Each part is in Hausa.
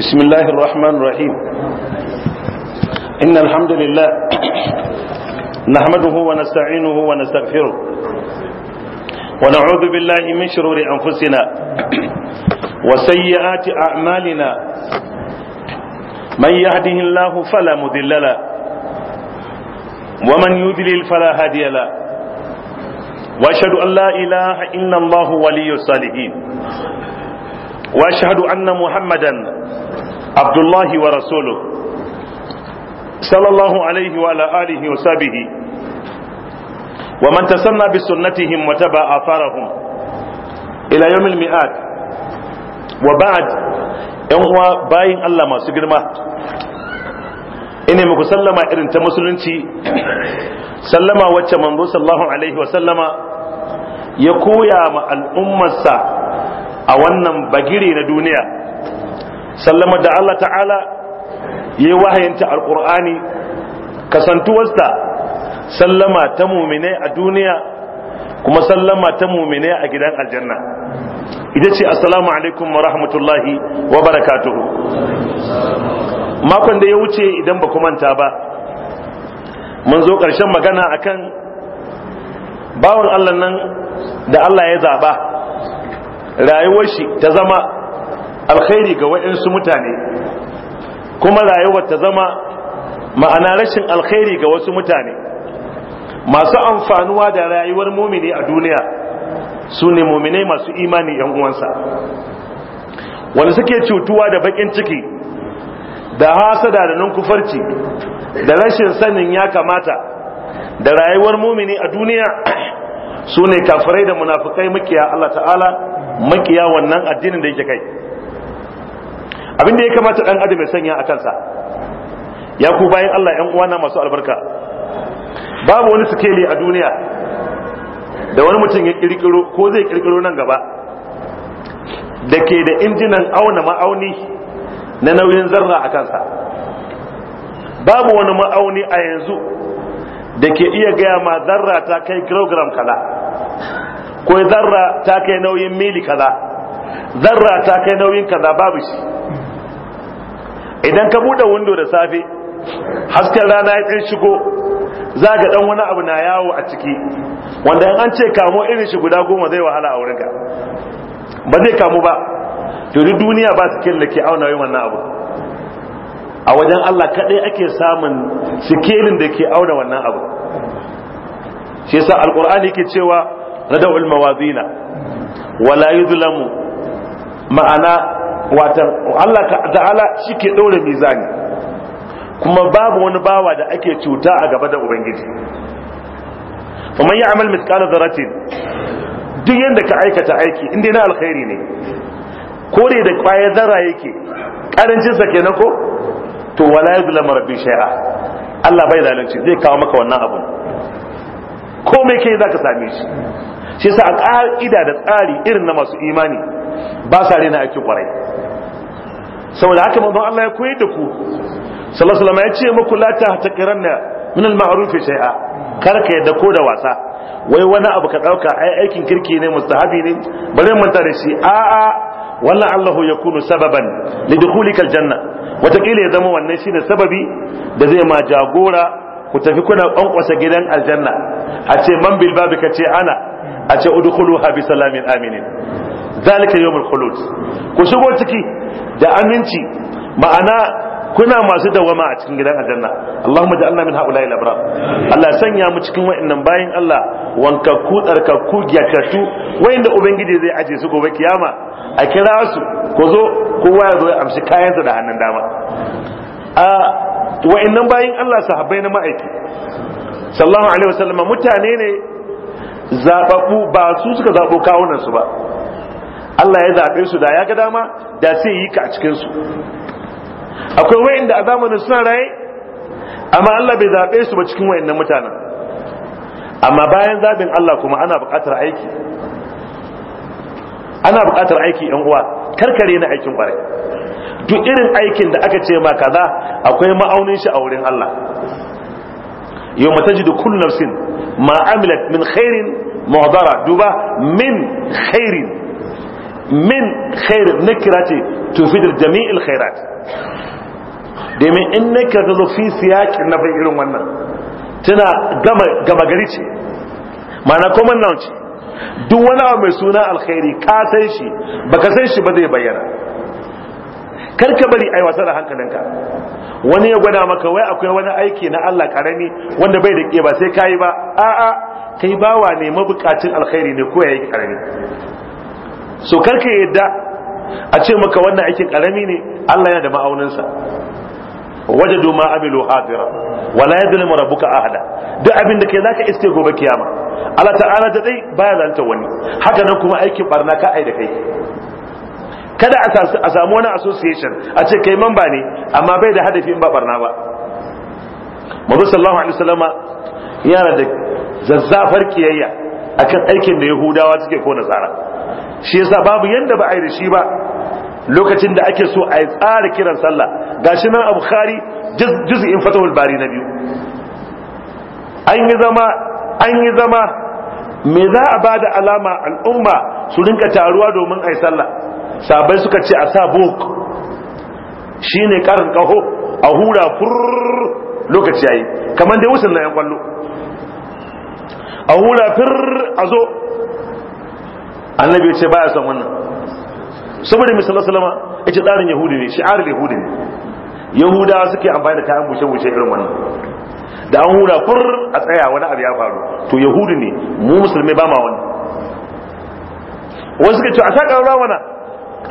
بسم الله الرحمن الرحيم إن الحمد لله نحمده ونستعينه ونستغفره ونعوذ بالله من شرور أنفسنا وسيئات أعمالنا من يهده الله فلا مذل له ومن يذلل فلا هادي له واشهد ان لا اله الا الله ولي الصالحين واشهد ان محمدا abdullahi wa rasulu sallallahu alaihi wa ala wa sabihi wa man tasanna bi sunnatihim wa taba atharahum ila yawmil mi'ad wa ba'd yan uwa bayin Allah masu girma ina muku sallama irin ta musulunci sallama wacce manzo sallallahu alaihi wa sallama ya koya ma al'ummarsa a wannan bagire na duniya sallama da Allah ta'ala yayi wahayinta alqur'ani kasantuwarsa sallama ta mu'minai a duniya kuma sallama ta mu'minai a gidan aljanna ita ce assalamu alaikum wa rahmatullahi wa barakatuhu makon da ya wuce idan ba manta ba mun zo ƙarshen magana akan bawan Allah nan da Allah ya zaba rayuwar shi ta zama alkhairi ga waɗansu mutane kuma rayuwar ta zama ma'ana rashin alkhairi ga wasu mutane masu amfanuwa da rayuwar mumini a duniya su ne muminai masu imani yan uwansa wanda suke cutuwa da bakin ciki da hasada da nunkufarci da rashin sanin ya kamata da rayuwar mumini a duniya su ne kafirai da munafukai makiya Allah ta'ala makiya wannan addinin da yake kai abin da ya kamata dan adam ya sanya a kansa ya ku bayan Allah yan uwana masu albarka babu wani sikeli a duniya da wani mutum ya kirkiro ko zai kirkiro nan gaba da ke da injinan auna ma'auni na nauyin zarra a kansa babu wani ma'auni a yanzu da ke iya gaya ma zarra ta kai kilogram kaza ko zarra ta kai nauyin mili kaza zarra ta kai nauyin kaza babu shi idan ka buɗe window da safe hasken rana ya ɗan shigo za ga ɗan wani abu na yawo a ciki wanda in an ce kamo irin shi guda goma zai wahala a wurinka ba zai kamo ba to duk duniya ba su da auna yi wannan abu a wajen Allah kaɗai ake samun sikelin da ke auna wannan abu shi yasa alqur'ani yake cewa na rada'ul mawazina wala yuzlamu ma'ana watan Allah ta'ala shi ke ɗaure mizani kuma babu wani bawa da ake cuta a gaba da ubangiji fa man ya'mal mithqala dharratin duk yadda ka aikata aiki inda na alkhairi ne Ko dai da kwaya zara yake sa kenan ko to wala ya rabbi shay'a Allah bai zalunci zai kawo maka wannan abun komai kai zaka same shi shi sa a ƙa'ida da tsari irin na masu imani ba sa rena aikin kwarai saboda haka maban, Allah ya koyi da ku sallallahu ya ce muku la ta taqiranna min al ma'ruf shay'a kar ka yadda ko da wasa wai wani abu ka ɗauka ai aikin kirki ne mustahabi ne bare manta da shi a a wannan Allah ya kunu sababan lidukhulikal janna watakila ya zama wannan shine sababi da zai ma jagora ku tafi kuna kwankwasa gidan aljanna a ce man bil ce ana a ce udkhuluha bi salamin aminin zalika yawmul khulud ku shigo ciki da aminci ma'ana kuna masu dawama a cikin gidan aljanna Allahumma ja'alna min haula'i al-abrar Allah sanya mu cikin wa'annan bayin Allah wanka ku tsarka ku gyakartu wa'anda ubangiji zai aje su gobe kiyama a kira su ko zo kowa ya zo ya amshi kayan sa da hannun dama a wa'annan bayin Allah sahabbai na ma'aiki sallallahu alaihi wasallam mutane ne zababbu ba su suka zabo kawunan su ba Allah ya zaɓe su da ya ga dama da sai yi ka a cikin su akwai wayanda a zamanin suna raye amma Allah bai zaɓe su ba cikin wayannan mutanen amma bayan zaɓin Allah kuma ana buƙatar aiki ana buƙatar aiki yan uwa karkare na aikin ƙwarai duk irin aikin da aka ce ma kaza akwai ma'aunin shi a wurin Allah yau mata ji da kullum sin ma min khairin muhdara duba min khairin min khair kira ce tufidar jami'il khairat demin in nakira ta fi siyaqin na bai irin wannan tana gama gari ce mana common nan ce duk wani abu mai suna alkhairi ka san shi baka san shi ba zai bayyana kar ka bari ai wasa da hankalinka wani ya gwada maka wai akwai wani aiki na Allah karami wanda bai da ke ba sai kayi ba a'a kai bawa ne mabukacin alkhairi ne ko yayi karami so karka yadda a ce maka wannan aikin karami ne Allah yana da ma'auninsa wajadu ma amilu hadira wala yadlimu rabbuka ahada duk abin da kai zaka iske gobe kiyama Allah ta'ala da dai baya zanta wani haka nan kuma aikin barna ka ai da kai kada a samu wani association a ce kai mamba ne amma bai da hadafi in ba barna ba Muhammad sallallahu alaihi wasallama yana da zazzafar kiyayya akan aikin da Yahudawa suke ko Nasara shi yasa babu yanda ba a yi da shi ba lokacin da ake so a yi tsara kiran sallah gashi nan a bukari juz'in fatahul bari na biyu an yi zama an yi zama me za a ba da alama al'umma su rinka taruwa domin a yi sallah sabai suka ce a sa bok shine karin kaho a hura fur lokaci yayi kamar da wucin na yan kwallo a hura fir a zo annabi ya ce baya son wannan saboda mai sallallahu alaihi wasallam ita tsarin yahudi ne shi'arar yahudi ne yahudawa suke amfani da kayan bushe-bushe irin wannan da an hura kur a tsaya wani abu ya faru to yahudi ne mu musulmai ba ma wani wasu suka ce a sha ruwa mana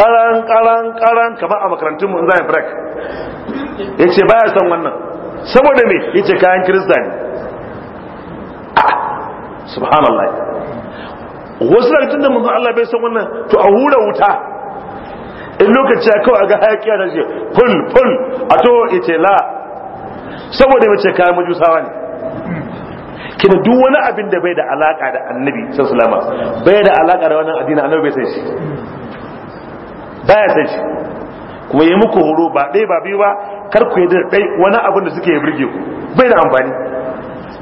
karan karan karan kamar a makarantun mun zai break ya ce baya son wannan saboda me ya ce kayan kirista ne subhanallah wasu da tun da manzon Allah bai san wannan to a hura wuta in lokaci ya kawai a ga hayaki da ce ful ful a to ita la saboda ce kayan majusawa ne kina duk wani abin da bai da alaƙa da annabi sulama bai da alaƙa da wannan addini annabi bai sai shi baya sai shi kuma yi muku horo ba ɗaya ba biyu ba kar ku yi da ɗai wani abin da suke birge ku bai da amfani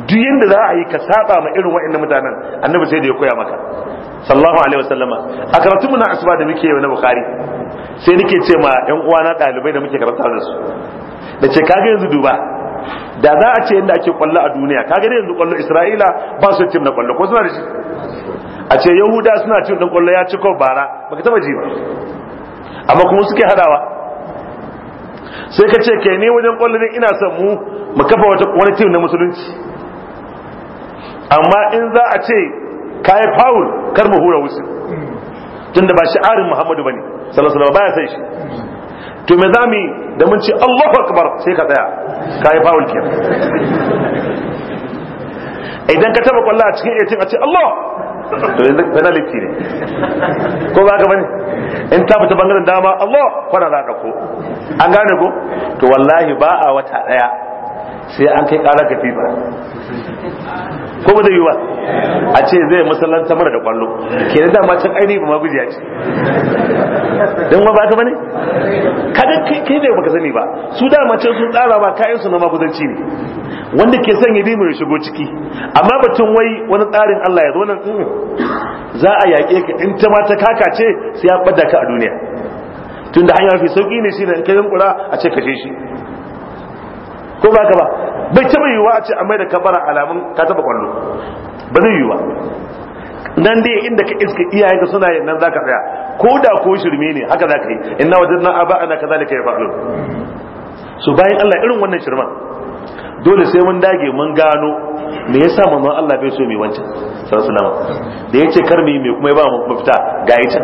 duk yanda za a yi ka saba ma irin waɗannan mutanen annabi sai da ya koya maka sallallahu alaihi wasallama a karatun mu asuba da muke yau na bukari sai nake ce ma yan uwana ɗalibai da muke karanta da su da ce kaga yanzu duba da za a ce yadda ake kwallo a duniya kaga yanzu kwallo isra'ila ba su tim na kwallo ko suna da shi a ce yahuda suna tim dan kwallo ya ci kawai bara baka taba ji ba amma kuma suke hadawa sai ka ce ke ne wajen kwallo ina son mu mu kafa wani tim na musulunci amma in za a ce ka yi faul kar mu hura wusu da ba shi'arin muhammadu bane sallallahu ba baya sai shi to me za mu da mun ce Allahu akbar sai ka tsaya ka yi faul kenan idan ka taba kwallo a cikin etin a ce Allah to yanzu penalty ne ko ba ka bane in ta fita bangaren dama Allah kwana za ka ko an gane ko to wallahi ba a wata daya sai an kai ƙara katifa ko ba zai yi a ce zai masallanta mara da kwallo ke da dama can ainihi ba ma ce don ba ka bane kada kai ne baka sani ba su dama can sun tsara ba kayan su na maguzanci ne wanda ke sanya ya bi mai shigo ciki amma batun wai wani tsarin Allah ya zo nan za a yaƙe ka in ta mata kaka ce sai ya bada ka a duniya tunda hanyar fi sauƙi ne shi da kai a ce kashe shi ko ba ka ba bai taba yiwuwa a ce a mai da kabara alamun ka taɓa kwallo ba zai yiwuwa nan dai inda ka iska iyayenka suna yin nan zaka tsaya ko da ko shirme ne haka zaka yi inna wajadna aba'ana kadhalika yaf'alun so bayan Allah irin wannan shirman dole sai mun dage mun gano me yasa manzon Allah bai so mai wancan sallallahu alaihi da yace kar mu yi kuma ya ba mu fita ga ita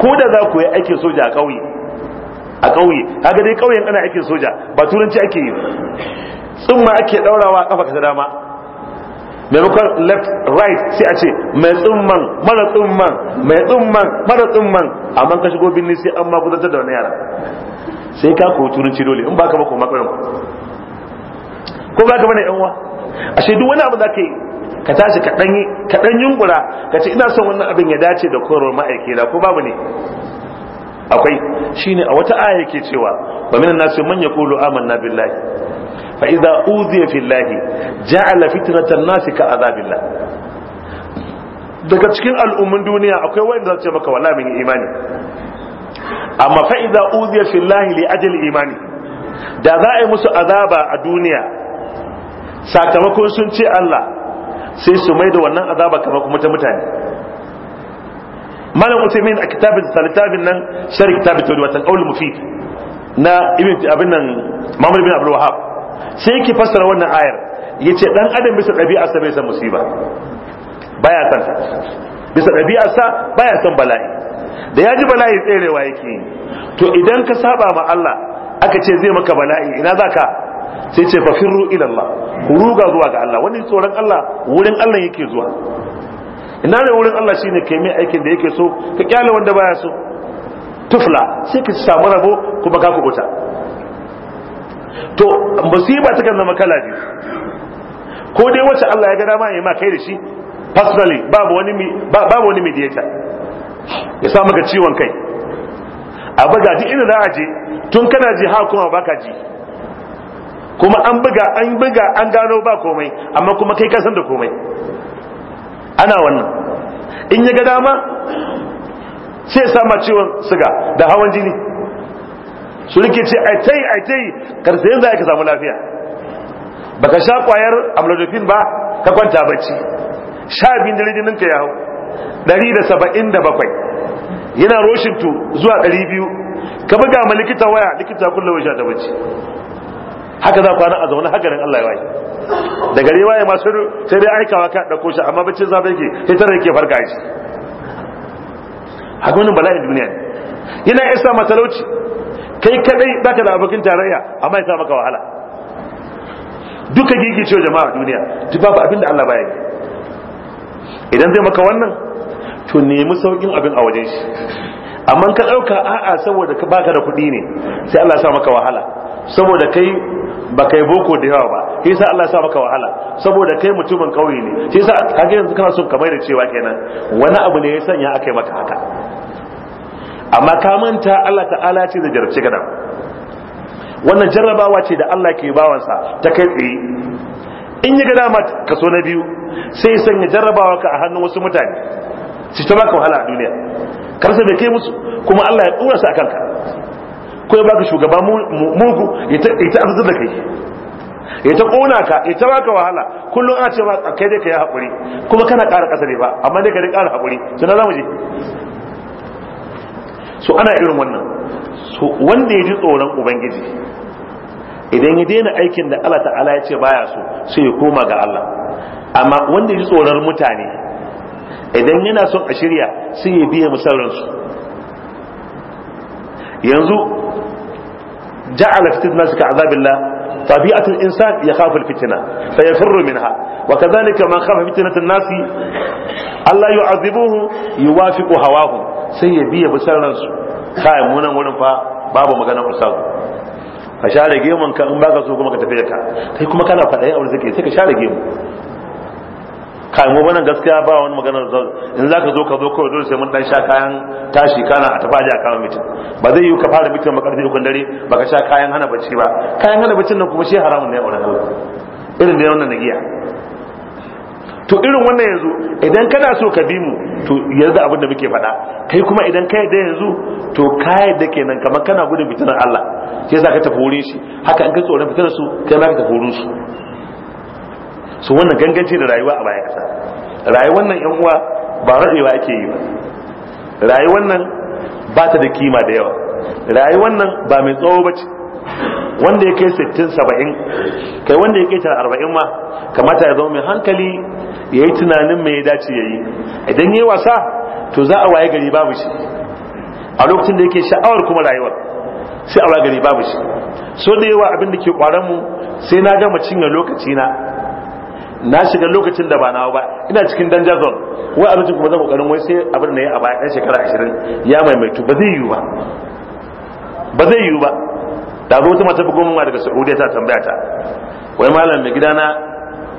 ko da za ku yi aikin soja a ƙauye a ƙauye haka dai ƙauyen ana aikin soja ba turanci ake yi tsumma ake ɗaurawa ƙafa ta dama maimakon left right sai a ce mai tsumman mara tsumman mai tsumman mara tsumman amma ka shigo binni sai an ma gudantar da wani yara sai ka koyi turanci dole in baka ba ko matsayin ko baka bane yan uwa A shaidu wani abu za ka yi ka tashi ka ɗan yunkura ka ce ina son wannan abin ya dace da korar ma'aikina ko babu ne akwai shine a wata aya ke cewa wa minan nasi man yaqulu amanna billahi fa idza udhiya fillahi ja'ala fitnatan nasi ka azabillah daga cikin al'ummin duniya akwai wanda zai ce maka wallahi mun imani amma fa idza udhiya fillahi li ajli imani da za a yi musu azaba a duniya sakamakon sun ce Allah sai su mai da wannan azaba kamar kuma ta mutane malam usaimin a kitabin littafin nan shari kitabin tawhid watan qaul mufid na ibn abin nan mamul bin abdul wahab sai yake fassara wannan ayar yace dan adam bisa dabi'arsa bai san musiba baya san ta bisa dabi'arsa baya san bala'i da yaji bala'i tserewa yake to idan ka saba ma Allah aka ce zai maka bala'i ina zaka sai ce fa ila Allah ku ruga zuwa ga Allah wani tsoron Allah wurin Allah yake zuwa ina ne wurin Allah shine kai mai aikin da yake so ka kyale wanda baya so tufla sai ka samu rabo kuma ka kubuta to musiba ta kanna zama kala ko dai wacce Allah ya ga dama ya ma kai da shi personally babu wani babu wani mediator ya samu ga ciwon kai a buga ji inda za a je tun kana ji ha kuma baka ji kuma an buga an buga an gano ba komai amma kuma kai ka san da komai ana wannan in ya ga dama sai ya sama ciwon siga da hawan jini su rike ce aitai aitai yin za ka samu lafiya baka sha kwayar amlodofin ba ka kwanta bacci sha biyun dare jininka ya hau 177 yana roshin tu zuwa 200 ka buga ma likita waya likita kullum ya sha ta bacci haka za kwana a zaune haka nan Allah ya waye da gare waye ma sai dai aikawa ka da koshi amma bacci zabe yake sai tare yake farka shi haka wannan bala'in duniya ne yana isa matalauci kai kadai zaka da abokin tarayya amma ya sa maka wahala duka gigi ce jama'a duniya duk babu abin da Allah baya yi idan zai maka wannan to nemi saukin abin a wajen shi amma ka dauka a'a saboda baka da kuɗi ne sai Allah ya sa maka wahala saboda kai ba yi boko da yawa ba shi yasa Allah ya sa maka wahala saboda kai mutumin kauye ne shi yasa kage yanzu kana son kamar da cewa kenan wani abu ne ya sanya aka yi maka haka amma ka manta Allah ta'ala ce da jarabci gadan wannan jarrabawa ce da Allah ke bawansa ta kai tsaye in yi gada ma kaso na biyu sai sanya jarrabawa ka a hannun wasu mutane su ta baka wahala a duniya karsa bai kai musu kuma Allah ya tsura su a kanka ko ya baka shugaba mugu ita ta da kai ita kona ka ita baka wahala kullum a ce ba kai dai ka yi haƙuri kuma kana ƙara ƙasa ne ba amma dai ka dai ƙara haƙuri suna za je so ana irin wannan so wanda ya ji tsoron ubangiji idan ya daina aikin da Allah ta'ala ya ce baya so sai ya koma ga Allah amma wanda ya ji tsoron mutane idan yana son a shirya sai ya biya musallansu yanzu ja'ala fitna suka azabillah tabi'atul insan yakhafu alfitna fayafirru minha wa kadhalika man khafa fitnatun nasi Allah yu'adhibuhu yuwafiqu hawahu sai ya biya basaran su kai munan wurin fa babu magana ustaz ka share geman ka in baka so kuma ka tafi ka kai kuma kana fadai aure sai ka share gemu. kai mu bana gaskiya ba wani magana zan in zaka zo ka zo kawai dole sai mun dan sha kayan tashi kana a tafi a kama mitin ba zai yi ka fara mitin ba karfi ukun dare baka sha kayan hana bacci ba kayan hana baccin nan kuma shi haramun ne a wannan irin da wannan nagiya to irin wannan yanzu idan kana so ka bi mu to yanzu abin da muke faɗa kai kuma idan ka yadda yanzu to da ke kenan kamar kana gudun fitinar Allah sai za ka tafi wurin shi haka in ka tsoron fitinar su kai ma ka tafi wurin su su wannan ganganci da rayuwa a baya kasa rayuwar nan yan uwa ba rabewa ake yi ba rayuwar nan ba ta da kima da yawa rayuwar nan ba mai tsawo ba ce wanda ya kai sittin saba'in kai wanda ya kai tara arba'in ma kamata ya zama mai hankali ya yi tunanin mai ya dace ya yi idan ya yi wasa to za a waye gari babu shi a lokacin da yake sha'awar kuma rayuwar sai a waye gari babu shi so da yawa abin da ke kwaran mu sai na gama cinye lokaci na na shiga lokacin da ba nawa ba ina cikin danger zone wai abincin kuma zan kokarin wai sai abin da ya a baya ɗan shekara ashirin ya maimaitu ba zai yiwu ba ba zai yiwu ba da zo wata mace bugun ma daga saudiya ta tambaya ta wai malam mai gidana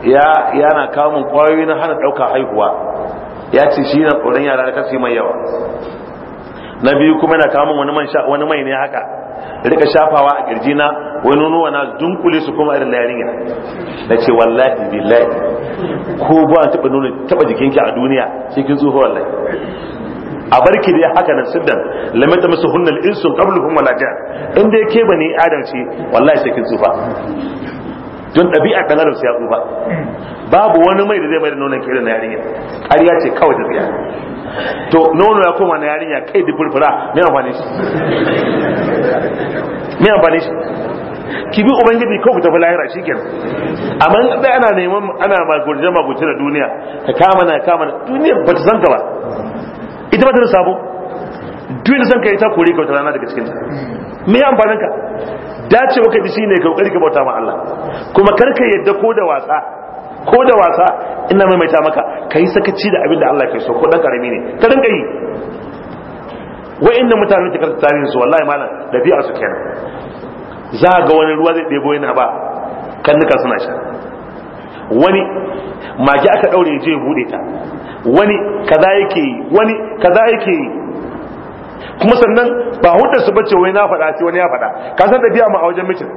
ya yana kawo min kwayoyi na hana ɗauka haihuwa ya ce shi na tsoron yara da kasu mai yawa na biyu kuma yana kawo min wani man sha wani mai ne haka rika shafawa a kirji na wani wana dunkule su kuma irin yarinya na ce wallahi billahi ko ba taba nuna taba jikinki a duniya sai kin tsufa wallahi a barki dai haka nan siddan lamata musu hunnal insu qabluhum wala ja in yake bani adam ce wallahi sai kin tsufa don ɗabi'a ɗan adam ya tsufa babu wani mai da zai mai da nonon kirin na yarinya har ya ce kawai da tsiya to nono ya koma na yarinya kai da furfura mai amfani shi mai amfani shi ki bi ubangiji ko ku tafi lahira shi kenan amma dai ana neman ana magurje magurje da duniya ka kama na kama na duniya ba ta san ka ba ita ba ta da sabo duniya san ka ita kore ka ta rana daga ta me amfanin ka dace maka da ne ka kokari ka bauta ma Allah kuma karka yadda ko da wasa ko da wasa ina maimaita maka kai sakaci da abin da Allah ke so ko dan karami ne ka dinga yi inna mutanen da karta tarihin su wallahi malam bi'a su kenan za ga wani ruwa zai debo yana ba nuka suna sha wani magi aka daure ya je ya bude ta wani kaza yake wani kaza yake yi kuma sannan ba hudar su bace wai na faɗa ce wani ya faɗa ka san tafiya mu a wajen mitin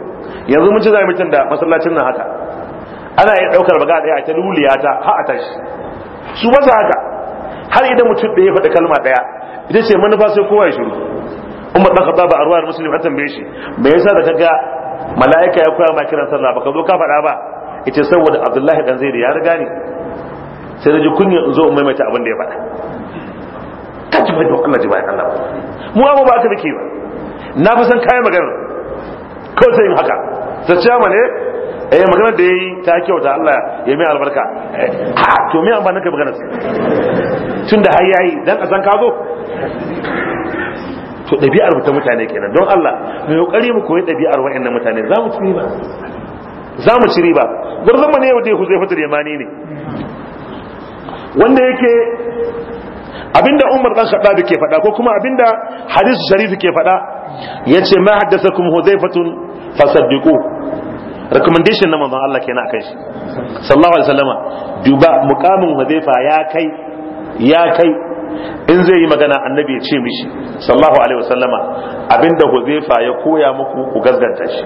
yanzu mun ci zai mitin da masallacin nan haka ana iya ɗaukar baga ɗaya ta luliya ta ha a tashi su ba haka har idan mutum da ya faɗi kalma ɗaya ita ce manufa sai kowa ya shiru umma dan ba a ruwayar musulmi an tambaye shi me yasa da kaga mala'ika ya koya ma kiran sallah baka zo ka faɗa ba ita saboda abdullahi dan zaidi ya riga ni sai da ji kunya in zo in maimaita abin da ya faɗa ka ji bai Allah ji bayan Allah mu amma ba ka muke ba na fi san kayan magana ko sai yin haka ta ce ne eh, eh magana da yayi ta kyauta Allah ya mai albarka eh, ha to me ba ka magana sai tunda har yayi dan a san ka zo to ɗabi'ar ta mutane kenan don Allah mai kokari mu koyi ɗabi'ar wa'annan mutane za mu ci riba za mu ci riba gwarzon mu ne yau dai huzaifa da yamani ne wanda yake abinda umar dan khattab ke fada ko kuma abinda hadith sharifi ke fada yace ma haddathakum hudayfatun fasaddiqu recommendation na manzon Allah kenan akan shi sallallahu alaihi wasallama duba muqamin hudhaifa ya kai ya kai in zai yi magana annabi ya ce mishi sallallahu alaihi wasallama abinda hudhaifa ya koya muku ku gazganta shi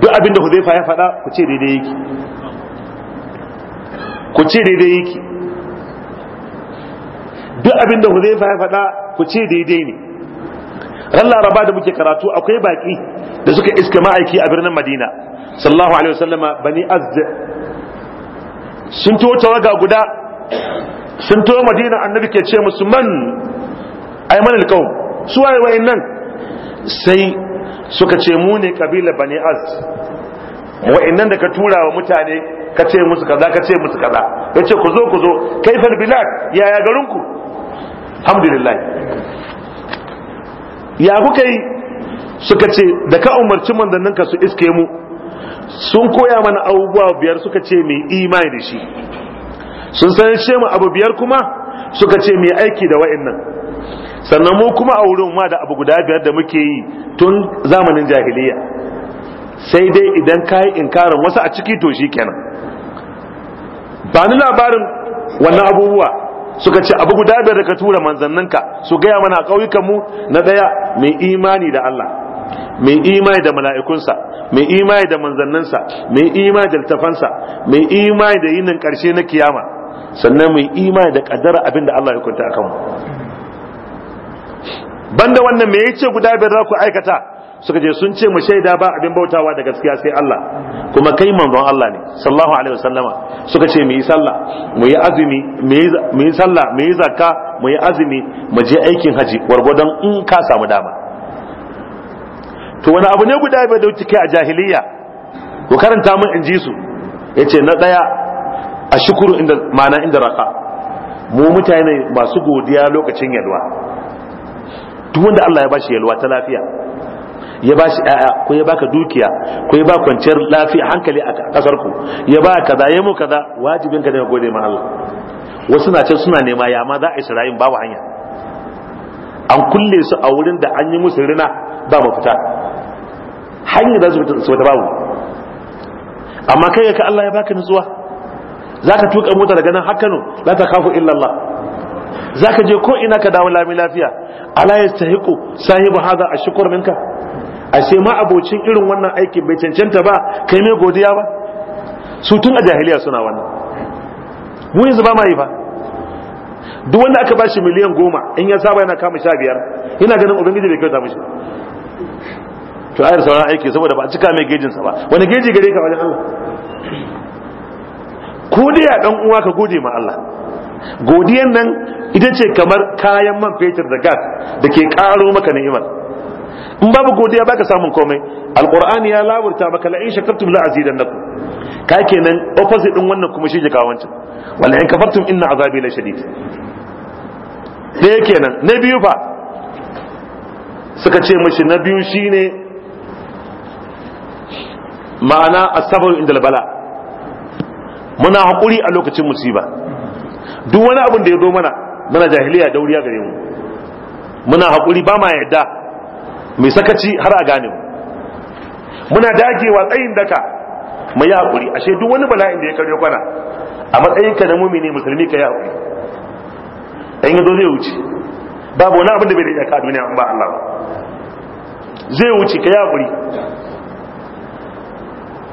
duk abinda hudhaifa ya fada ku ce daidai yake ku ce daidai yake duk abin da huzaifa ya faɗa ku ce daidai ne ran laraba da muke karatu akwai baki da suka iska ma'aiki a birnin madina sallallahu alaihi wasallama bani azd sun to tawaga guda sun to madina annabi ke ce musu man ayman alqaum su waye wayannan sai suka ce mu ne kabila bani azd wayannan da ka tura wa mutane ka ce musu kaza ka ce musu kaza yace ku zo ku zo kaifal bilad yaya garinku alhamdulillah ya kuka yi suka ce da ka umarci manzanninka su iske mu sun koya mana abubuwa biyar suka ce mai imani da shi sun san ce mu abu biyar kuma suka ce mai aiki da waɗannan, sannan mu kuma a wurin ma da abu guda biyar da muke yi tun zamanin jahiliya sai dai idan ka yi inkarin wasu a ciki to shi kenan ba ni labarin wannan abubuwa suka ce abu guda biyar da ka tura manzanninka su gaya mana a mu na ɗaya mai imani da Allah mai imani da mala'ikunsa mai imani da manzanninsa mai imani da littafansa mai imani da yinin ƙarshe na kiyama sannan mai imani da ƙaddara abin Allah ya kunta a kanmu banda wannan me yace guda biyar za ku aikata suka je sun ce mu shaida ba abin bautawa da gaskiya sai Allah kuma kai manzon Allah ne sallallahu alaihi wasallama suka ce mu yi sallah mu yi azumi mu yi sallah mu yi zakka mu yi azumi mu je aikin haji gwargwadon in ka samu dama to wani abu ne guda bai dauki kai a jahiliya ku karanta mun inji su yace na daya a shukuru inda ma'ana inda raka mu mutane masu godiya lokacin yalwa duk wanda Allah ya bashi yalwa ta lafiya ya ba shi ƴaƴa ko ya baka dukiya ko ya ba kwanciyar lafiya hankali a kasar ku ya ba kaza ya mu kaza wajibin ka ne gode ma Allah wasu na ce suna nema ya ma za a yi su babu hanya an kulle su a wurin da an yi musu rina ba mafita hanyar da su fita wata babu amma kai ka Allah ya baka nutsuwa zaka tuka mota daga nan hakanu za la ta kafu illa za ka je ko ina ka dawo lami lafiya ala ya sahiku sahibu haza a shukur minka ashe ma abocin irin wannan aikin bai cancanta ba kai mai godiya ba su tun a jahiliya suna wannan mu yanzu ba ma yi ba duk wanda aka ba shi miliyan goma in ya saba yana kama sha biyar yana ganin ubangiji bai kyauta mishi to ayar sauran aiki saboda ba a cika mai gejinsa ba wani geji gare ka wajen Allah ko dai a dan uwa ka gode ma Allah godiyan nan ita ce kamar kayan man fetur da gas da ke karo maka ni'imar in babu godiya baka samun komai alqur'ani ya laburta maka la in shakartum la azidannakum ka kenan opposite din wannan kuma shine kawancin wala in kafartum inna azabi la shadid ɗaya kenan na biyu fa suka ce mashi na biyu shine ma'ana asabar inda bala muna haƙuri a lokacin musiba duk wani abin da ya zo mana mana jahiliya dauriya gare mu muna hakuri ba ma yadda mai sakaci har a gane mu muna dagewa tsayin daka mai ya haƙuri ashe duk wani bala'in da ya karye kwana a matsayinka na ne musulmi ka ya haƙuri ɗan yi zai wuce babu wani abin da bai da iyaka a duniya in ba Allah zai wuce ka ya haƙuri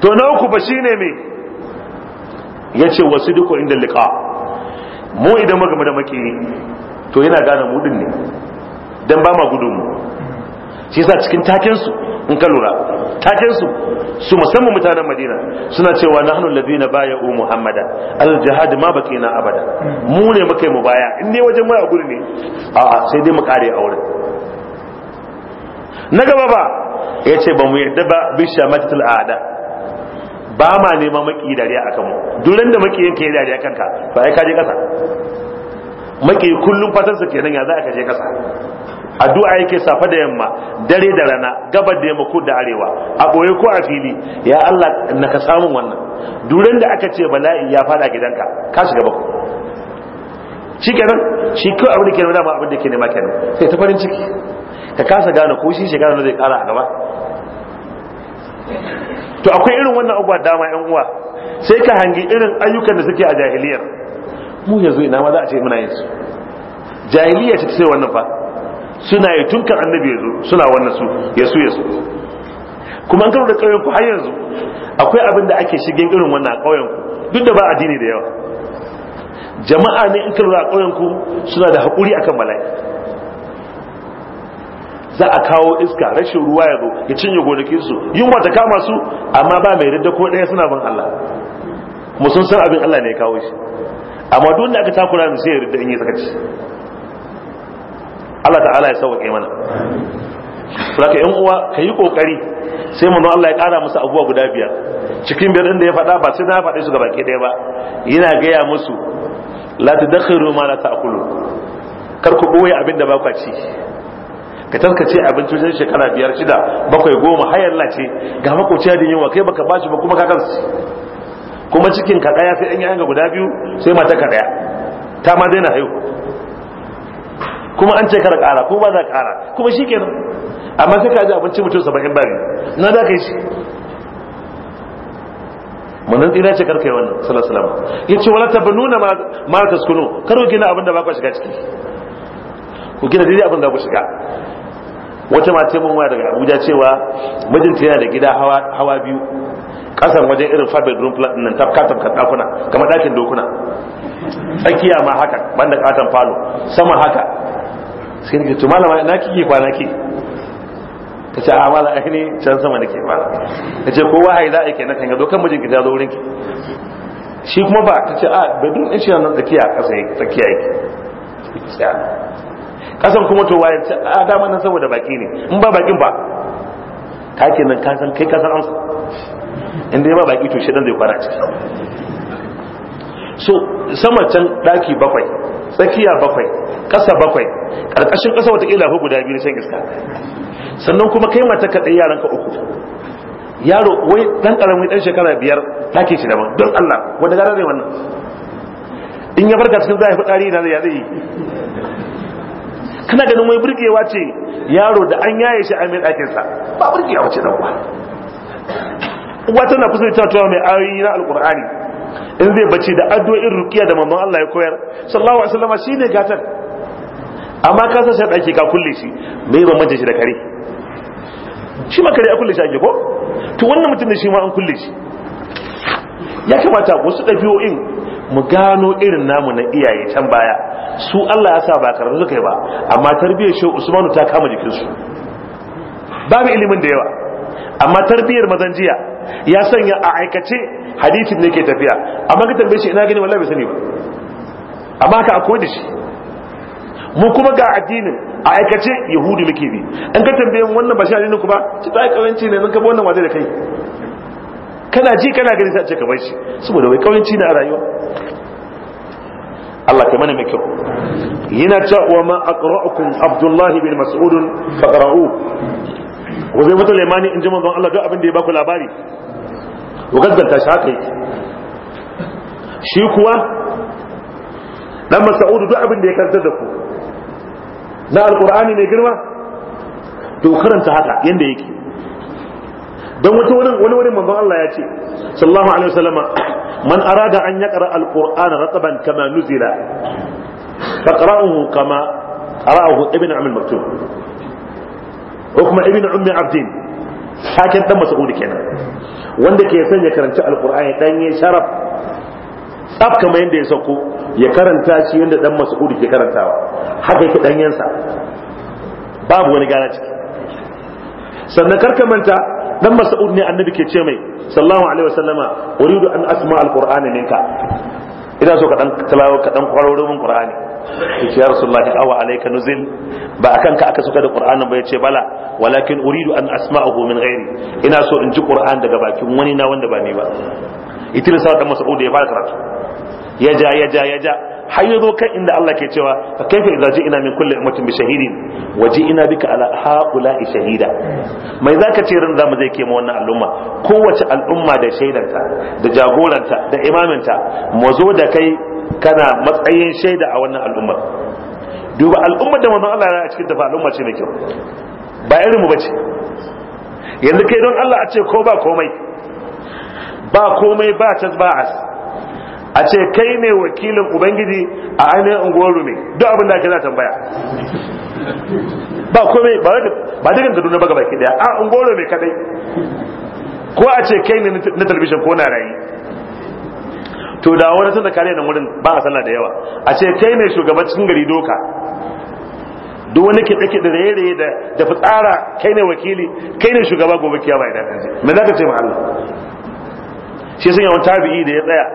to na uku ba shi ne mai ya ce wasu duk inda liƙa mu idan magama da makeri to yana gane mudin ne don ba ma gudunmu shi yasa cikin taken su in ka lura taken su su musamman mutanen Madina suna cewa nahnu alladhina bay'u Muhammada al jihad ma baqina abada mu ne muka yi mubaya in dai wajen mai aguri ne a'a sai dai mu kare a wurin na gaba ba yace ba mu yarda ba bi shamatatul aada ba ma neman maki dariya akan mu duran da maki yake dariya kanka ba ai ka je kasa maki kullum sa kenan ya za ka je kasa addu'a yake safa da yamma dare da rana gaba da yamma ko da arewa a boye ko a fili ya Allah na ka samu wannan duran da aka ce bala'i ya fada gidanka ka shiga bako shi kenan shi ko abin da ke nema abin da ke nema kenan sai ta farin ciki ka kasa gane ko shi shekara na zai kara a gaba to akwai irin wannan abubuwa dama yan uwa sai ka hangi irin ayyukan da suke a jahiliyar mu yanzu ina ma za a ce muna yin su jahiliya ce ta sai wannan fa suna yi tun annabi ya zo suna wannan su ya su ya su kuma an karo da ƙauyen ku har yanzu akwai abin da ake shigin irin wannan a ƙauyen ku duk da ba addini da yawa jama'a ne in karo da ƙauyen ku suna da haƙuri akan bala'i za a kawo iska rashin ruwa ya zo ya cinye gonakin su yunwa ta kama su amma ba mai ridda ko ɗaya suna bin Allah mu sun san abin Allah ne ya kawo shi amma duk da aka takura mu sai ya ridda in yi sakaci Allah ta'ala ya sauke mana saka yan uwa ka yi kokari sai manzon Allah ya kara musu abubuwa guda biyar cikin biyar da ya faɗa ba sai na faɗe su ga baki ɗaya ba yana gaya musu la tadakhiru ma la ta'kulu kar ku boye abin da ba ku ci ka tarkace abinci wajen shekara biyar shida bakwai goma hayar lace ga makociya da yunwa kai baka bashi ba kuma ka kansu kuma cikin ka daya sai an yi guda biyu sai mata ka daya ta ma daina haihu kuma an ce kar kara kuma ba za kara kuma shi kenan amma sai ka ji abinci mutum saba'in bari na da kai shi manzon tsira ce karkai wannan sallallahu alaihi wasallam yace wala nuna ma ma taskunu karo gina abin da ba ku shiga ciki ku gina daidai abin da ku shiga wata mace mun waya daga Abuja cewa mijinta yana da gida hawa hawa biyu kasan wajen irin fabric room flat din nan ta katam ka dakuna kamar dakin dokuna tsakiya ma haka banda katam falo sama haka sai nake to malama ina kike kwana ke ta ce a mala aini can sama da ke kwana ta ce kowa ai za a yi na kan gado kan mijinki ta zo wurinki shi kuma ba ta ce a bedun in shi nan tsakiya kasa yake tsakiya yake kasan kuma to waye ce a dama nan saboda baki ne in ba bakin ba ka ke nan kasan kai ka san amsa in dai ba baki to shi dan zai kwana ciki so sama can daki bakwai tsakiya bakwai ƙasa bakwai ƙarƙashin ƙasa wata ko guda biyu shan iska sannan kuma kai mata kaɗai yaranka uku yaro wai ɗan ƙaramin ɗan shekara biyar ke shi daban don allah wanda gara ne wannan in ya barka cikin zai fi ɗari na zai yi kana ganin wai burgewa ce yaro da an yaye shi a mai ɗakinsa ba burgewa ce ɗan uwa uwa tana kusa da mai ayoyi na alƙur'ani in zai bace da addu'o'in rukiya da manzon Allah ya koyar sallallahu alaihi wasallam shine gatar amma ka san sai dake ka kulle shi ba bambance shi da kare shi ma kare a kulle shi ake ko to wannan mutum ne shi ma an kulle shi ya kamata wasu ɗabi'o'in mu gano irin namu na iyaye can baya su Allah ya sa ba karatu suka yi ba amma tarbiyyar shi Usmanu ta kama jikinsu babu ilimin da yawa amma tarbiyyar mazan jiya ya sanya a aikace hadisin ne ke tafiya amma ka tambaye shi ina gani wallahi bai sani ba amma ka akwai da shi mu kuma ga addinin a aikace yahudu muke bi an ka tambaye wannan ba shi addinin ku ba ci ta kawanci ne nan ka wannan waje da kai kana ji kana gani sai a ce ka bar shi saboda wai kawanci ne a rayuwa Allah kai mana mai kyau yana ta wa ma aqra'ukum Abdullah bin Mas'ud faqra'u wa zai mutu limani in ji manzon Allah duk abin da ya baku labari to gaggata shi haka yake shi kuwa dan masa'udu duk abin da ya karantar da ku na alqur'ani mai girma to karanta haka yanda yake don wata wani wani wani manzon Allah ya ce sallallahu alaihi wasallam man arada an yaqra alqur'ana rataban kama nuzila faqra'uhu kama qara'ahu ibn amr maktub hukma ibn ummi abdin Sakin dan mas'ud kenan wanda ke son ya karanci alqur'ani dan ya sharaf tsaf kamar yadda ya sako ya karanta shi yadda dan mas'ud ke karantawa haka yake yansa babu wani gana ciki sannan karka manta dan mas'ud ne annabi ke ce mai sallallahu alaihi wasallama uridu an asma alqur'ana minka ina so ka dan talawa ka dan kwaro rubun qur'ani yace ya rasulullahi awa alayka nuzil ba akan ka aka saka da qur'anin ba ce bala walakin uridu an a min ghairi ina so in ji qur'an daga bakin wani na wanda ba ni ba itil sa da mas'ud ya fara karatu ya ja ya ja ya ja har ya kan inda Allah ke cewa fa kaifa idza ji'na min kulli ummatin bi shahidin wa ji'na bika ala haula'i shahida mai zaka ce ran zamu zai kema wannan al'umma kowace al'umma da shaidanta da jagoranta da imaminta mu zo da kai kana matsayin shaida a wannan al'ummar duba al'ummar da manzon Allah ya cikin dafa al'umma ce mai kyau ba irin mu bace yanzu kai don Allah a ce ko ba komai ba komai ba ta ba a ce kai ne wakilin ubangiji a ainihin unguwar rume duk abin da ake za tambaya ba komai ba dukkan kaduna ba gaba baki daya a unguwar rume kadai ko a ce kai ne na talibishin ko na rayu to da wani sun da kare nan wurin ba a sallah da yawa a ce kai ne shugaban cikin gari doka duk wani ke take da raye da da fitsara kai ne wakili kai ne shugaba gobe kiyama idan da ji me ka ce ma shi sun yawan tabi'i da ya tsaya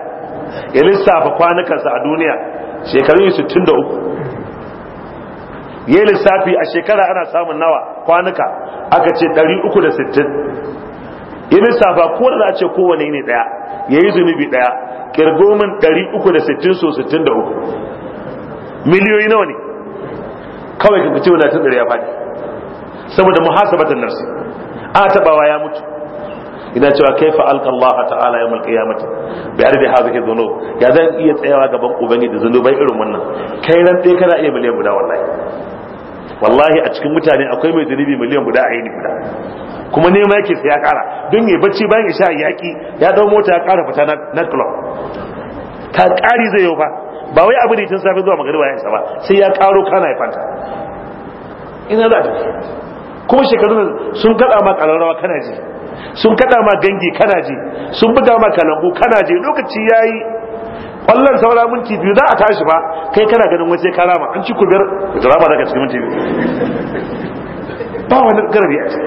ya lissafa kwanukansa a duniya shekaru 63 ya lissafi a shekara ana samun nawa kwanuka aka ce 360 ya lissafa ko da za a ce kowane ne daya ya yi zunubi daya kirgomin min miliyoyi nawa ne kawai ka fice wadatar da ya faɗi saboda muhasabatan nafsi a tabawa ya mutu ina cewa kaifa alqa Allah ta'ala yawmal qiyamati bi ardi ke zunub ya zan iya tsayawa gaban da zunubai irin wannan kai nan dai kana iya miliyan guda wallahi wallahi a cikin mutane akwai mai zunubi miliyan guda a yini guda kuma nema yake sai ya kara don yi bacci bayan isha yaki ya dau mota ya kara fita na club ta kari zai yau fa ba wai abu ne tun safe zuwa magariba ya isa ba sai ya karo kana ya fanta ina za ta kuma shekaru sun kada ma kalarawa kana ji sun kada ma gangi kana ji sun buga ma kalangu kana ji lokaci yayi kwallon saura minti biyu za a tashi ba kai kana ganin wace karama an ci kubiyar da rama daga cikin minti biyu ba wani garabi ce.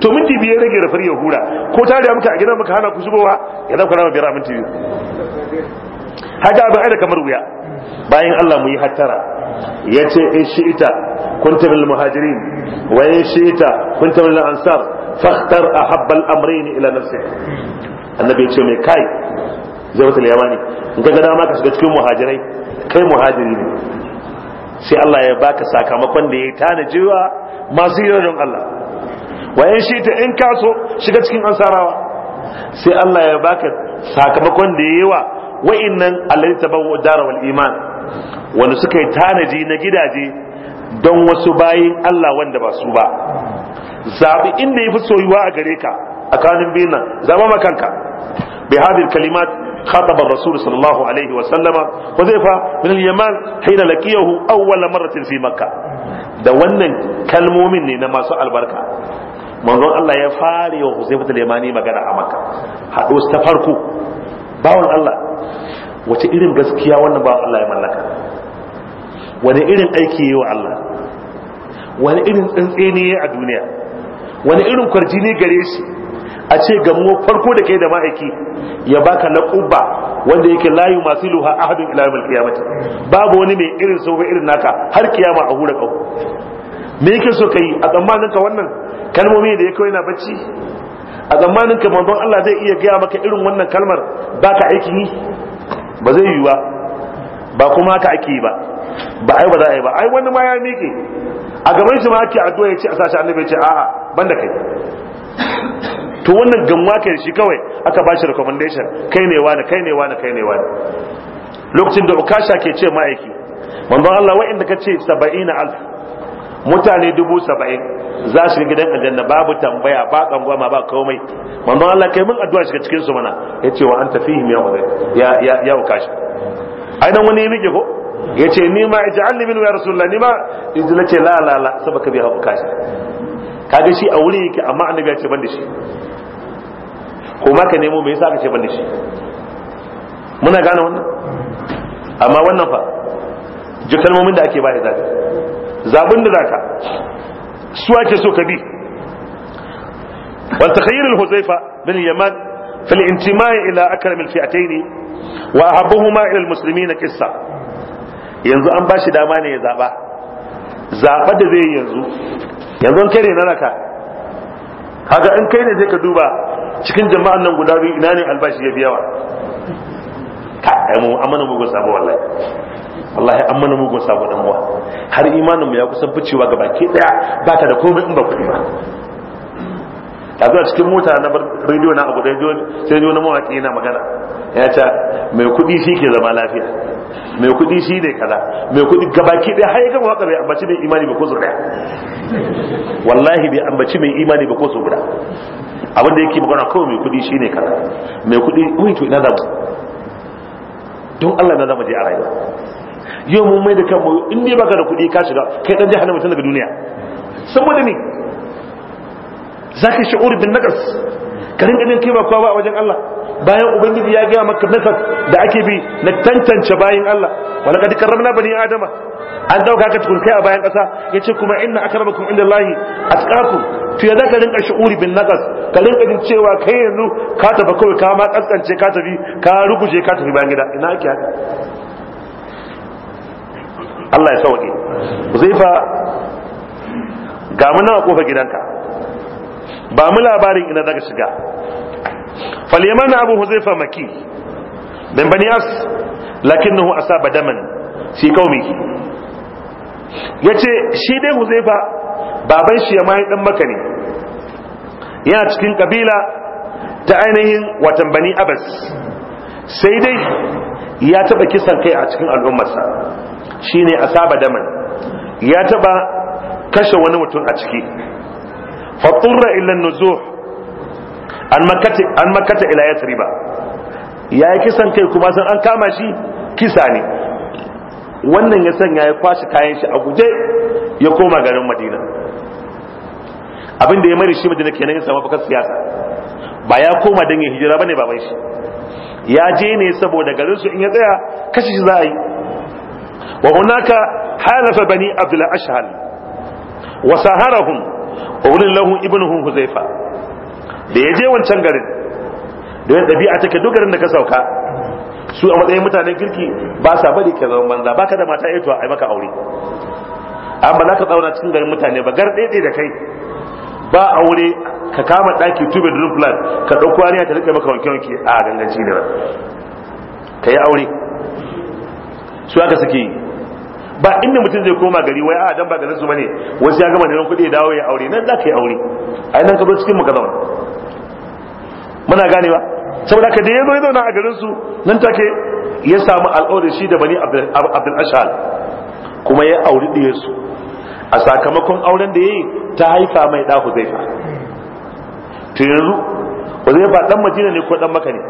to minti biyar rage da fari ya hura ko ta da muka a gidan muka hana ku shigowa ya zama kwana biyar a minti biyu haka abin aida kamar wuya bayan Allah mu yi hattara ya ce in shi'ita kunta bil muhajirin wa in shi'ita kunta bil ansar fakhtar ahabbal amrayn ila nafsik annabi ya ce mai kai zai wata liyama ne in ka gada ma ka shiga cikin muhajirai kai muhajiri ne sai Allah ya baka sakamakon da ya jiwa masu yi don Allah wayan shi ta in kaso shiga cikin ansarawa sai Allah ya baka sakamakon da ya yi wa wa'in nan Allah tabawwa dara wal iman wani suka yi tanaji na gidaje don wasu bayin Allah wanda ba su ba zabi inda ya fi soyuwa a gare ka a kanin nan zama makanka bai hadil kalimat خاطب الرسول صلى الله عليه وسلم حذيفة من اليمن حين لقيه أول مرة في مكة da wannan kalmomin ne na masu albarka manzon Allah ya fare wa da Yamani magana a Makka ta farko Allah wace irin gaskiya wannan ba Allah ya mallaka wani irin aiki yayi wa Allah wani irin tsantseni a duniya wani irin kwarjini gare shi a ce gamuwa farko da kai da ma'aiki ya baka na laƙuba wanda yake layu masu luha ahadun ila yawmil qiyamah babu wani mai irin sauwa irin naka har kiyama a hura kawo me yake so kai a tsammanin ka wannan kalmomi da ya kawai na bacci a tsammanin ka manzon Allah zai iya gaya maka irin wannan kalmar baka aikin yi ba zai yiwu ba ba kuma haka ake yi ba ba ai ba za a yi ba ai wani ma ya mike a gaban shi ma ake addu'a ya ce a sashi annabi ya ce a'a ban da kai to wannan gamma kai shi kawai aka ba shi recommendation kai ne wani kai ne wani kai ne wani lokacin da ukasha ke ce ma'aiki manzon Allah wa'inda ka ce saba'ina alf mutane dubu saba'in za su gidan aljanna babu tambaya ba ma ba komai manzon Allah kai mun addu'a shiga cikin su mana yace wa anta fihim ya ya ya ukasha ai dan wani yake ko yace ni ma ij'alni min ya rasulullah ni ma ijlace la la la sabaka biha ukasha kaga shi a wuri yake amma annabi ya ce ban da shi ko ma ka nemo me yasa aka ce ban da shi muna gane wannan amma wannan fa jikal mu'min da ake ba da zaka zabin da zaka su ake so ka bi wal takhayyur al huzaifa bin yaman fil intima'i ila akram al fi'atayn wa ahabbuhuma ila al muslimin qissa yanzu an bashi dama ne ya zaba zaba da zai yanzu yanzu kare na naka kaga in kai ne zai ka duba cikin jama'an nan guda biyu ina ne albashi ya biya wa ka mu amma na mugun sabo wallahi wallahi amma na mugun sabo dan uwa har imanin mu ya kusan ficewa ga baki daya ba ta da komai in ba kuɗi ba ta zuwa cikin mota na bar rediyo na abu da rediyo sai rediyo na mawaki yana magana ya ce mai kuɗi shi ke zama lafiya mai kuɗi shi ne kaza mai kuɗi gabaki ɗaya har ya waka bai ambaci mai imani ba ko su ɗaya wallahi bai ambaci mai imani ba ko su guda abin da yake magana kawai mai kudi shine kaza mai kudi wai to ina zama don Allah na zama je a rayuwa yau mun mai da kanmu in dai baka da kudi ka shiga kai dan jahannama tun daga duniya saboda ne zaka shi'uri bin nakas karin ganin kai ba kowa ba a wajen Allah bayan ubangiji ya gaya maka nasab da ake bi na tantance bayan Allah wala kad karramna bani adama an dauka ka tukun kai a bayan kasa yace kuma inna akramakum inda Allah atqakum to ya zaka rinka shu'uri bin naqas ka rinka jin cewa kai yanzu ka tafi kawai ka ma kaskance ka tafi ka ruguje ka tafi bayan gida ina ake haka Allah ya sauke fa ga mu nawa kofar gidanka ba mu labarin ina zaka shiga فاليمان abu حذيفة مكي من بني أس لكنه أصاب دما في قومه yace shi dai huzaifa baban shi ya mai dan maka ne yana cikin kabila ta ainihin watan bani abbas sai dai ya taba kisan kai a cikin al'ummarsa shine asaba daman ya taba kashe wani mutum a ciki fatura illa nuzuh an makata ila ya riba ya yi kisan kai kuma san an kama shi kisa ne wannan ya sanya ya kwashi kayan shi a guje ya koma garin madina Abinda ya mari shi madina kenan ya samu fakar siyasa ba ya koma don ya hijira bane baban shi ya je ne saboda garin su in ya tsaya kashi shi za a yi wa hunaka halafa bani abdul ashhal wa saharahum wa ulin lahum ibnuhum huzaifa da ya je wancan garin da don ɗabi'a take duk garin da ka sauka su a matsayin mutanen kirki ba sa bari ka zama banza ka da mata yato eh a maka aure ba za ka tsauna cikin garin mutane ba gar ɗaya da kai ba aure ka kama ɗaki tube da plan ka ɗauko wariya ta rike maka wanke wanke a ganganci ne ba ka yi aure su aka suke yi ba inda mutum zai koma gari wai a ah, dan ba garin su bane wasu ya gama neman kuɗi ya dawo ya aure nan za ka yi aure ai nan ka zo cikin mu ka zauna muna ganewa saboda ka da ya zo ya zauna a garin su nan take ya samu al'aure shi da bani abdul ashal kuma ya auri ɗaya su a sakamakon auren da ya yi ta haifa mai ɗa fa to yanzu ba ɗan madina ne ko ɗan maka ne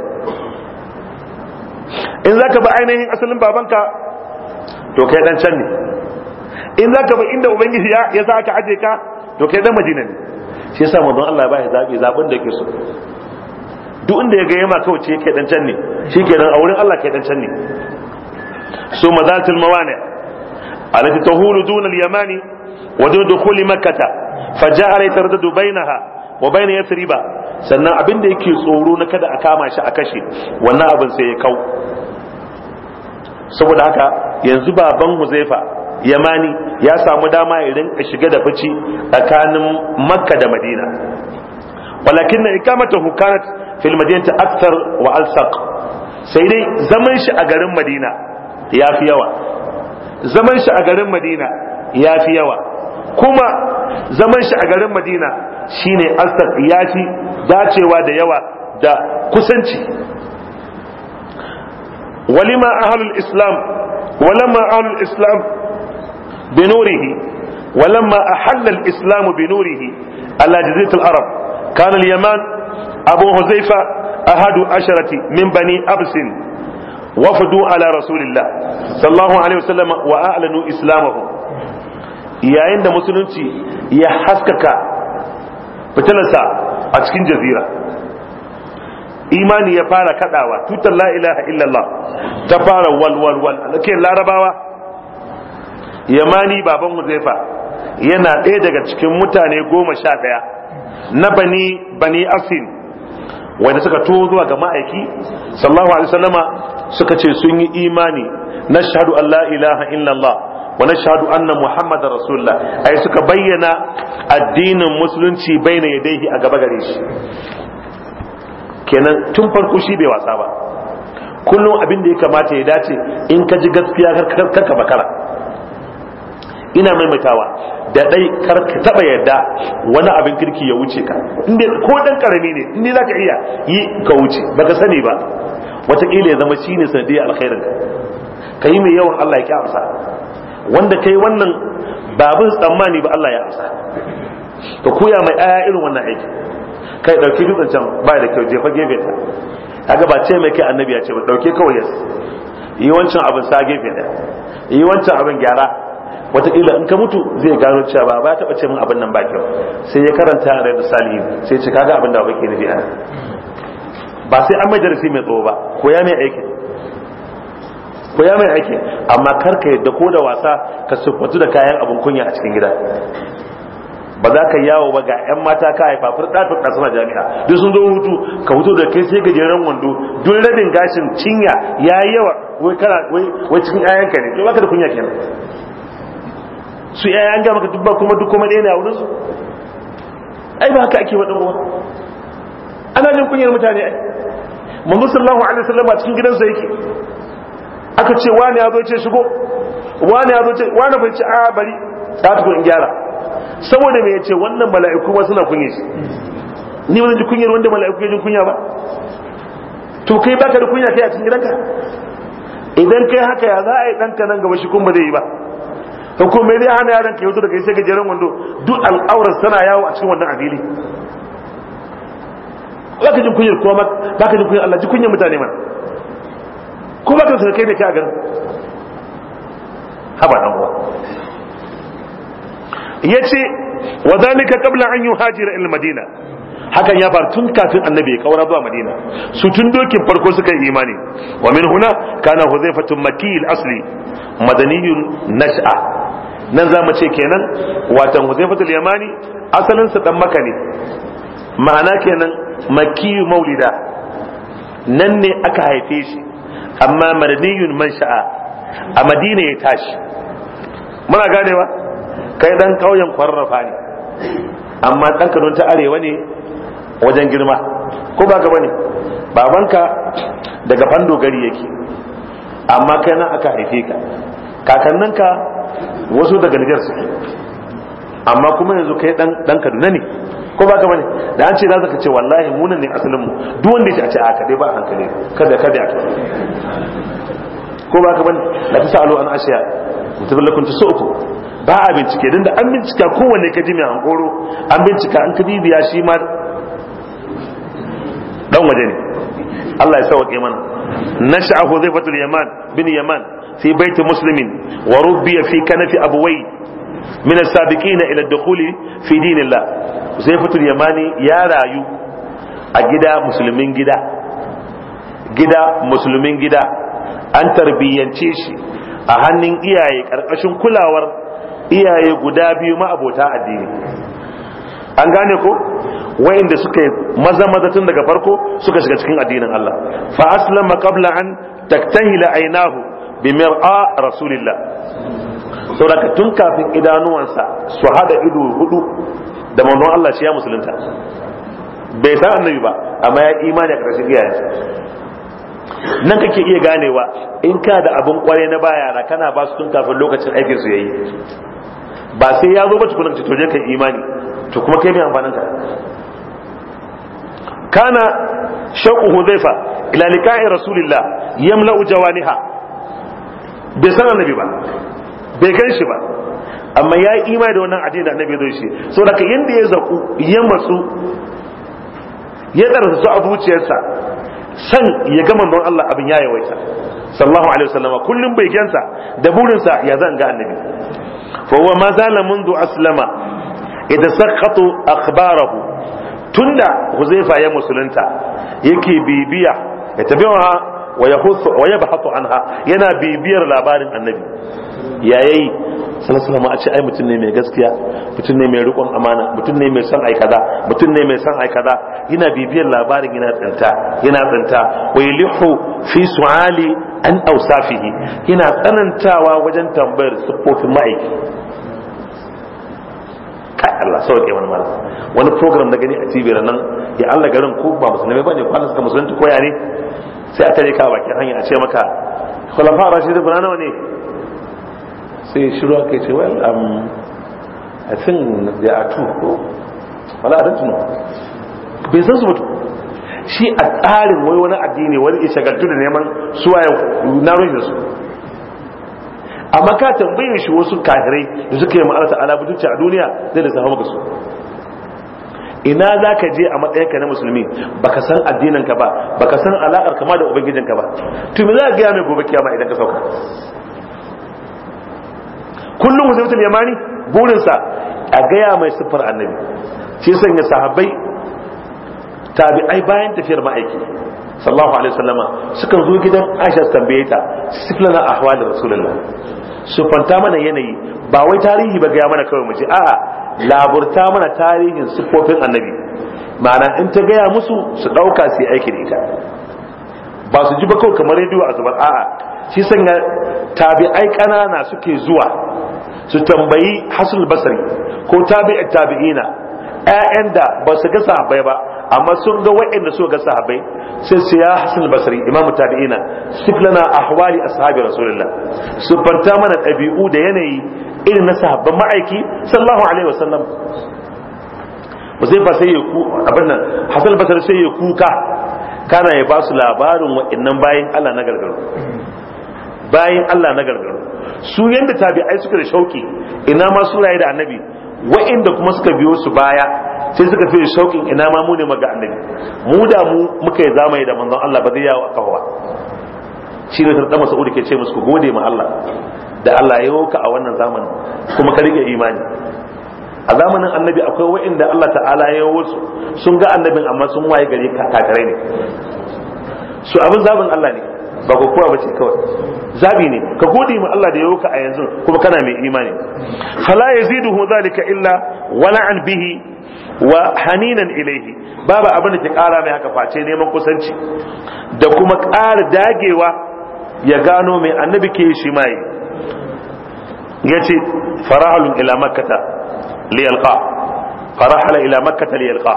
in za ka bi ainihin asalin babanka to kai dan can ne in za ka bi inda ubangiji ya sa aka aje ka to kai dan madina ne shi yasa manzon Allah ba ya zabi zabin da yake so duk inda ya ga yama kawai ce kai dan can ne shikenan a wurin Allah kai dan can ne su mazatul mawani alati tahulu dun al-yamani wa dun dukhul makkah fa ja'a la tardadu bainaha wa bain yathriba sannan abin da yake tsoro na kada a kama shi a kashe wannan abin sai ya kau saboda haka yanzu baban huzaifa yamani ya samu dama ya rinka shiga da fici tsakanin makka da madina walakin na ikamatahu hukanat fil madinati akthar wa alsaq sai dai zaman shi a garin madina ya fi yawa zaman shi a garin madina ya fi yawa kuma zaman shi a garin madina shine alsaq ya fi dacewa da yawa da kusanci walima ahlul islam ولما أهل الإسلام بنوره ولما أحل الإسلام بنوره على جزيرة العرب كان اليمن أبو حذيفة أحد عشرة من بني أبس وفدوا على رسول الله صلى الله عليه وسلم وأعلنوا إسلامهم يا عند مسلمتي يا حسكك فتلسا أتكين جزيرة imani ya fara kadawa tutar la ilaha illallah ta fara walwalwal ke larabawa yamani baban huzaifa yana ɗaya daga cikin mutane goma sha ɗaya na bani bani asin wanda suka to zuwa ga ma'aiki sallallahu alaihi wasallama suka ce sun yi imani na shahadu an la ilaha illallah wa shahadu anna muhammadar rasulullah ai suka bayyana addinin musulunci baina yadayhi a gaba gare shi kenan tun farko shi bai wasa ba kullum abin da ya kamata ya dace in ka ji gaskiya karka bakara ina maimaitawa da dai karka taba yadda wani abin kirki ya wuce ka inda ko dan karami ne inda za ka iya yi ka wuce baka sani ba watakila ya zama shine sanadiyar alkhairin ka yi mai yawan Allah ya ki amsa wanda kai wannan babin tsammani ba Allah ya amsa ka koya mai aya irin wannan aiki kai dauki dutsen can ba da kyau jefa gefe ta kaga ba ce mai kai annabi ya ce ba dauke kawai yas yi wancan abin sa gefe da yi wancan abin gyara wataƙila in ka mutu zai gano cewa ba ba ya taɓa ce min abin nan ba kyau sai ya karanta a rai salihin sai ce kaga abin da ba ke nufi ana ba sai an majalisi mai tsawo ba ko ya mai aiki ko ya mai aiki amma kar ka yadda ko da wasa ka siffatu da kayan abin kunya a cikin gida ba za ka yawo ba ga yan mata ka haifa furda furda suna jami'a duk sun zo hutu ka hutu da kai sai gajeren wando duk rabin gashin cinya ya yi yawa wai kana wai wai cikin ka ne to baka da kunya kenan su yaya an ga maka dubba kuma duk kuma ɗaya ne a wurin su ai ba haka ake wa ruwa ana jin kunyar mutane ai manzo sallallahu alaihi wasallam a cikin gidansa yake aka ce wani ya zo ce shigo wani ya zo ce wani bai ci a bari ta tuko in gyara saboda me yace wannan mala'iku ba suna kunye shi ni wani ji kunyar wanda mala'iku ya ji kunya ba to kai baka da kunya kai a cikin gidanka idan kai haka ya za a yi ɗanka nan gaba shi kun ba zai yi ba mai zai hana yaron ka yau daga kai ga gajeren wando duk al'aurar tana yawo a cikin wannan abili baka jin kunyar kowa baka jin kunyar Allah ji kunyar mutane mana ko baka da kai ne kai a garin haba dan uwa yace wa zalika qabla an yuhajira ila madina hakan ya faru tun kafin annabi ya kaura zuwa madina su tun dokin farko suka yi imani wa min huna kana huzaifatun makil asli madaniyun nash'a nan za mu ce kenan watan huzaifatul yamani asalinsa dan maka ne ma'ana kenan makiyu maulida nan ne aka haife shi amma madaniyun man sha'a a madina ya tashi muna ganewa kai dan ƙauyen kwarrafa ne amma dan kano ta arewa ne wajen girma ko ba ka bane babanka daga fando gari yake amma kai nan aka haife ka kakanninka wasu daga nijar suke amma kuma yanzu kai dan kaduna ne ko ba ka bane da an ce za ka ce wallahi munan ne asalinmu duk wanda ya ce a ce a ba hankali kada kada ya ko ba ka bane la tasalu an ashiya mutaballakun tusuku ba a bincike don da an bincika kowanne ka ji mai hankoro an bincika an ka bibiya shi ma dan waje ne Allah ya sauke mana nasha'a Hudhayfah al-Yaman bin Yaman fi bait muslimin wa rubbiya fi kanafi abuwai min as-sabiqin ila ad-dukhul fi dinillah Hudhayfah al-Yamani ya rayu a gida musulmin gida gida musulmin gida an tarbiyyance shi a hannun iyaye karkashin kulawar iyaye guda biyu ma'abota addini an gane ko wa'inda suka maza maza tun daga farko suka shiga cikin addinin Allah fa aslama qabla an taktahila aynahu bi mir'a rasulillah da tun kafin idanuwansa su hada ido hudu da manzon Allah shi ya musulunta bai san annabi ba amma ya imani a ƙarshen iyayensa nan kake iya ganewa in ka da abin kware na baya na kana ba su tun kafin lokacin aikin su yayi ba sai ya zo ba tukuna ka je kai imani to kuma kai mai amfanin ka kana shauku huzaifa ila liqa'i rasulillah yamla'u jawaniha bai san annabi ba bai gan shi ba amma ya yi imani da wannan addini da annabi zai shi so daga yanda ya zaku ya masu ya karanta su a zuciyarsa san ya ga manzon Allah abin ya yawaita sallallahu alaihi wasallam kullum bai gansa da burinsa ya zan ga annabi fa huwa ma zala mundu aslama idza sakatu akhbarahu tunda huzaifa ya musulunta yake bibiya ya tabiwa wa yahussu wa yabhatu anha yana bibiyar labarin annabi yayayi sallallahu alaihi a ce ai mutum ne mai gaskiya mutum ne mai rikon amana mutum ne mai son aikada, mutum ne mai son aikada. yana bibiyar labarin yana tsinta yana tsinta wa yalihu fi su'ali an awsafihi yana tsanantawa wajen tambayar siffofin ma'aiki kai Allah sau da wani mara wani program na gani a tibira nan ya Allah garin ko ba musulmi ba ne ko Allah suka musulunta ko ya ne sai a tare ka bakin hanya a ce maka khulafa rashidun guda nawa ne sai shiru aka ce well um, i think there are two ko wala a dantuna? bai san su mutu shi a tsarin wai wani addini wani ya shagaltu da neman ya na rushe su amma ka tambayin shi wasu kahirai da suka yi ma'arata ta'ala butuci a duniya zai da samu maka su ina za ka je a matsayinka na musulmi baka san addininka ba baka san alaƙar kama da ubangijinka ba to me za ka gaya mai gobe kiyama idan ka sauka kullum musulmi yamani burinsa a gaya mai siffar annabi shi sanya sahabbai tabi'ai bayan tafiyar ma'aiki sallallahu alaihi wasallama sukan zo gidan Aisha tambaye ta siflana ahwalir rasulullah su fanta mana yanayi ba wai tarihi ba gaya mana kawai mu ce a'a laburta mana tarihin siffofin annabi ma'ana in ta gaya musu su ɗauka su yi aiki da ita ba su ji ba kawai kamar rediyo a zubar a'a shi sanya tabi'ai ƙanana suke zuwa su tambayi hasul basari ko tabi'i tabi'ina ƴaƴan da ba su ga sahabbai ba amma sun ga wa'anda suka ga sahabbai sai su ya hasan basri imam tabi'ina siflana ahwali ashabi rasulullah su fanta mana ɗabi'u da yanayi irin na sahabban ma'aiki sallallahu alaihi wasallam ba sai ya ku abin nan hasan basri sai ya kuka kana ya ba su labarin waɗannan bayan Allah na gargaro bayan Allah na gargaro su yanda tabi'ai suka da shauki ina ma suraye da annabi wa'inda kuma suka biyo su baya sai suka fiye shaukin ina ma mu ne maga annabi mu da mu muka yi zamani da manzon Allah ba zai yawo a kawo shi ne sarɗa masu ke ce musu gode ma Allah da Allah ya ka a wannan zamanin kuma ka rike imani a zamanin annabi akwai wa'inda Allah ta'ala ya wasu sun ga annabin amma sun waye gari kakarai ne su abin zabin Allah ne ba ku kowa bace kawai zabi ne ka gode ma Allah da ya yoka a yanzu kuma kana mai imani fala yaziduhu zalika illa an bihi wa haninan ilaihi babu abin da ke ƙara mai haka face neman kusanci da kuma ƙara dagewa ya gano mai annabi ke shi mai ya ce farahalun ila Makata liyalqa farahala ila Makata liyalqa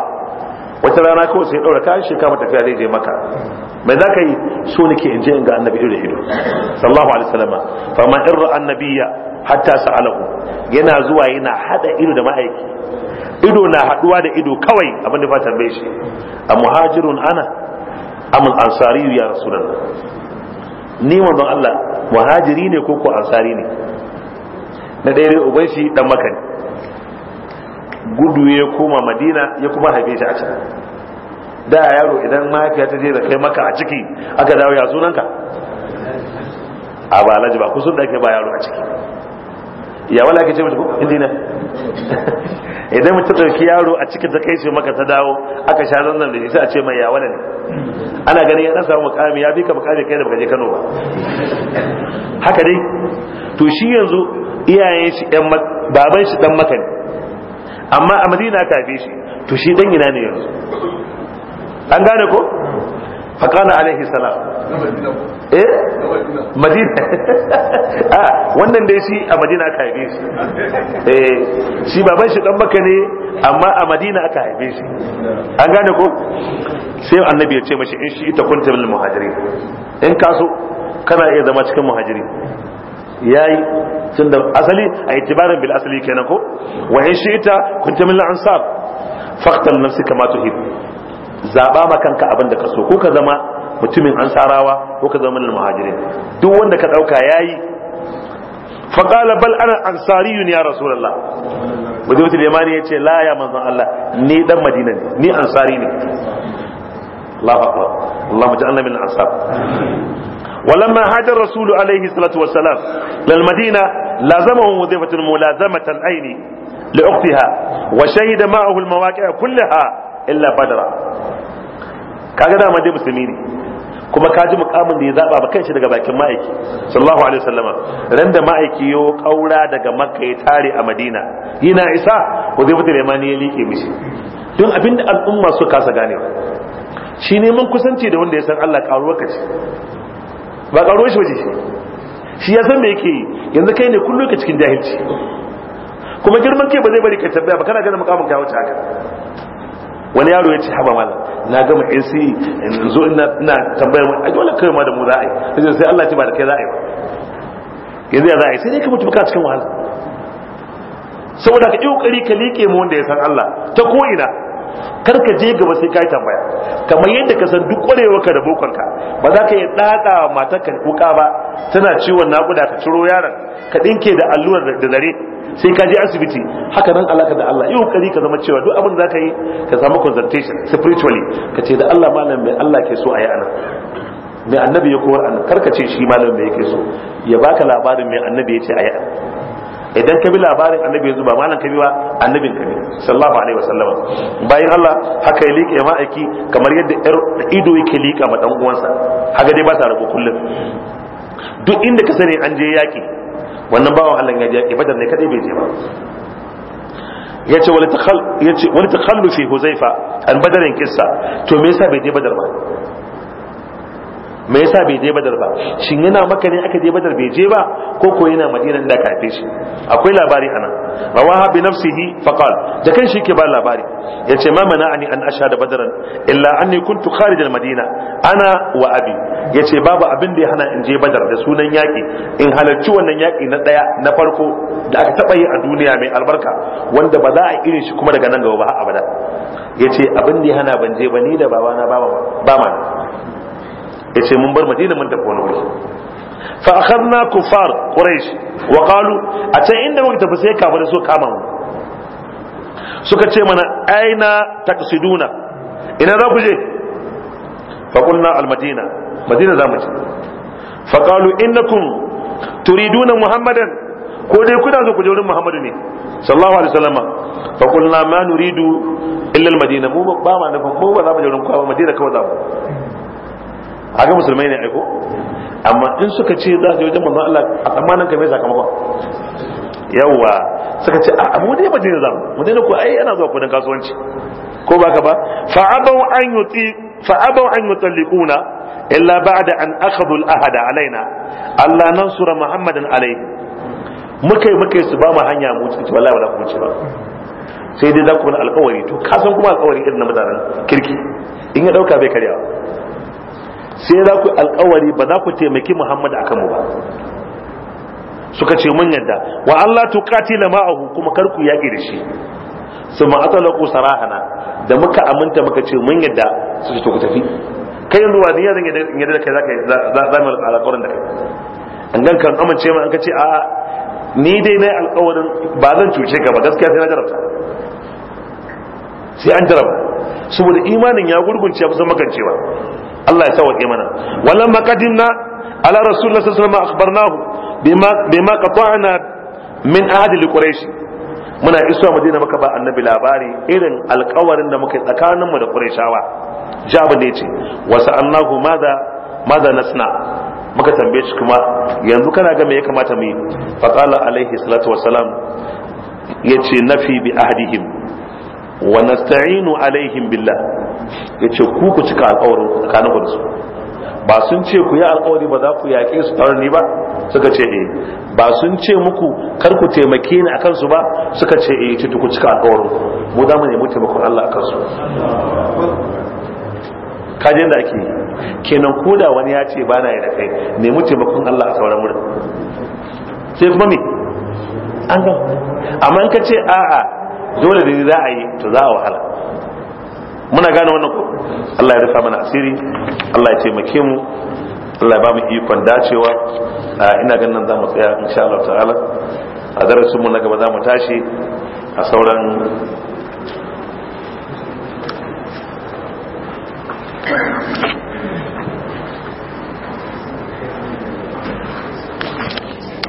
wata rana kawai sai ɗaura kayan shi kama tafiya zai je maka mai za ka yi so nake in je in ga annabi ido da ido sallallahu alaihi wasallam fa man irra annabiyya hatta sa'alahu yana zuwa yana hada ido da ma'aiki ido na haduwa da ido kawai abin da fatan bai shi a muhajirun ana amul ansari ya rasulullah ni manzon Allah muhajiri ne ko ko ansari ne na dai ubai shi dan maka ne gudu ya koma madina ya kuma haife shi a can da yaro idan mafiya ta je da kai maka a ciki aka dawo ya sunanka a ba alhaji ba kusur da ke ba yaro a ciki ya wala ake ce mutu ko injina idan mutu ɗauki yaro a cikin ta kai ce maka ta dawo aka sha zannan da sai a ce mai wala ne ana ganin ya ɗan samu mukami ya bi ka mukami kai da baka je Kano ba haka dai to shi yanzu iyayen shi ɗan baban shi ɗan maka ne amma a Madina ka fi shi to shi ɗan ina ne yanzu an gane ko faqala alaihi salam eh madina a ah, wannan dai shi a madina aka haife shi eh shi baban shi dan baka ne amma a madina aka haife shi an gane ko sai annabi ya ce mashi in shi ita kunta bil muhajirin in ka so kana iya zama cikin muhajiri yayi tun da asali a itibarin bil asali kenan ko wa in shi ita kunta min ansar, ansab faqtal nafsika ma tuhib zaba ma kanka abin da ka so ko ka zama mutumin ansarawa ko ka zama al muhajirin duk wanda ka dauka yayi fa qala bal ana ansariyun ya rasulullah mutum limani ya ce la ya manzon Allah ni dan madina ne ni ansari ne Allahu akbar Allah mu min ansar ولما هاجر الرسول عليه الصلاة والسلام للمدينة لازمه وظيفة ملازمة العين لأختها وشهد معه المواقع كلها إلا بدرا كذا ما دي مسلمين kuma ka ji mukamin da ya zaba ba kanshi daga bakin ma'aiki sallallahu alaihi wasallama ran da ma'aiki yo kaura daga makka ya tare a madina yana isa zai fita neman ya liƙe mishi don abinda al'umma su kasa ganewa shi ne mun kusanci da wanda ya san Allah karuwa ka ba karuwa shi waje shi ya san me yake yi yanzu kai ne kullum ka cikin jahilci kuma girman kai ba zai bari ka tabbaya ba kana ganin mukamin ka wuce haka wani yaro ya ce haba malam na gama AC in zo ina tambayar wani dole kai ma da mu za a yi sai Allah ce ba da kai za a yi ba yanzu ya za a yi sai dai ka mutu baka cikin wahala saboda ka yi kokari ka liƙe mu wanda ya san Allah ta ko ina kar ka je gaba sai ka yi tambaya kamar yadda ka san duk kwarewa ka da bokonka ba za ka yi ɗaɗa matar ka kuka ba tana ciwon nakuda ka ciro yaron ka dinke da allurar da zare sai ka je asibiti haka nan alaka da Allah yi kokari ka zama cewa duk abin da za ka yi ka samu consultation spiritually ka ce da Allah malam mai Allah ke so a yi anan mai annabi ya kowar anan karkace shi malam mai yake so ya baka labarin mai annabi ya ce a yi anan idan ka bi labarin annabi yanzu ba malam ka bi ba annabin ka ne sallallahu alaihi wasallam bayan Allah haka ya liƙe ma'aiki kamar yadda ido yake liƙa ma dan uwansa haka dai ba sa rabu kullum duk inda ka sani an je yaƙi wannan bawan Allah ya je yaƙi badar ne kadai bai je ba yace wani takhal yace wani takhallu fi huzaifa an badarin kissa to me yasa bai je badar ba me yasa bai je badar ba shin yana maka ne aka je badar bai je ba ko ko yana madina da kafe shi akwai labari anan rawaha bi nafsihi faqal da kan shi ke ba labari yace ma ani an ashhadu badran illa anni kuntu kharij al madina ana wa abi yace babu abin da ya hana in je badar da sunan yaki in halarci wannan yaki na daya na farko da aka taba yi a duniya mai albarka wanda ba za a irin shi kuma daga nan gaba ba abada yace abin da ya hana ban je ba ni da babana ba ba ma yace mun bar madina mun tafi wani wuri fa akhadna kufar quraish wa qalu a can inda muka tafi sai kafirai so kama mu suka ce mana aina taqsiduna ina za ku je fa qulna al madina madina za mu je fa qalu innakum turiduna muhammadan ko dai kuna zo ku je wurin muhammadu ne sallallahu alaihi wasallama fa qulna ma nuridu illa al madina mu ba ma nufin mu ba za mu je wurin ku ba madina kawai za mu haka musulmai ne aiko amma in suka ce za su yi wajen manzon Allah a tsammanin ka mai sakamakon yawwa suka ce a mu dai madina zamu dai ko ai ana zuwa kudin kasuwanci ko baka ba fa abaw an yuti fa abaw an yutalliquna illa ba'da an akhadhu al-ahada alaina Allah nansura muhammadan alayhi yi muka yi su ba mu hanya mu ci wallahi wala ku ci ba sai dai za ku alƙawari to ka san kuma alƙawari irin na mutanen kirki in ya dauka bai karyawa sai za ku alkawari ba za ku taimaki muhammad a kanmu ba suka ce mun yadda wa Allah tu qatila ma'ahu kuma kar ku yaƙi da shi summa atalaqu sarahana da muka aminta muka ce mun yadda su ce to ku tafi kai yanzu wa ya zan yadda da kai zaka za mu alƙawarin da kai an gan kan amince mu an ka ce a ni dai nayi alƙawarin ba zan cuce ka ba gaskiya sai na jarabta sai an jaraba saboda imanin ya gurgunce ya kusan makancewa Allah ya sauke mana walan makadinna ala rasulullah sallallahu alaihi wasallam akhbarnahu bima bima qata'na min ahli quraish muna mu madina maka ba annabi labari irin alkawarin da muka tsakanin mu da qurayshawa jabir ne ce wa sa'annahu madha madha nasna muka tambaye shi kuma yanzu kana ga me ya kamata mu yi fa qala alaihi salatu wassalam yace nafi bi ahdihim wa nasta'inu alaihim billah yace ku ku cika alƙawarin ku tsakanin ku da su ba sun ce ku yi alƙawari ba za ku yaƙe su tare ni ba suka ce eh ba sun ce muku kar ku taimake ni akan su ba suka ce eh ce ku cika alƙawarin ku mu da mu nemi taimakon Allah akan su kajin da ake kenan ko da wani ya ce ba na yi da kai nemi taimakon Allah a sauran wurin sai kuma me an ga amma in ka ce a'a dole da za a yi to za a wahala muna gane wannan ko Allah ya rufa mana asiri Allah ya taimake mu Allah ya ba mu ikon dacewa ina ganin za mu tsaya insha Allah ta'ala a darasin mu na gaba za mu tashi a sauran Thank you.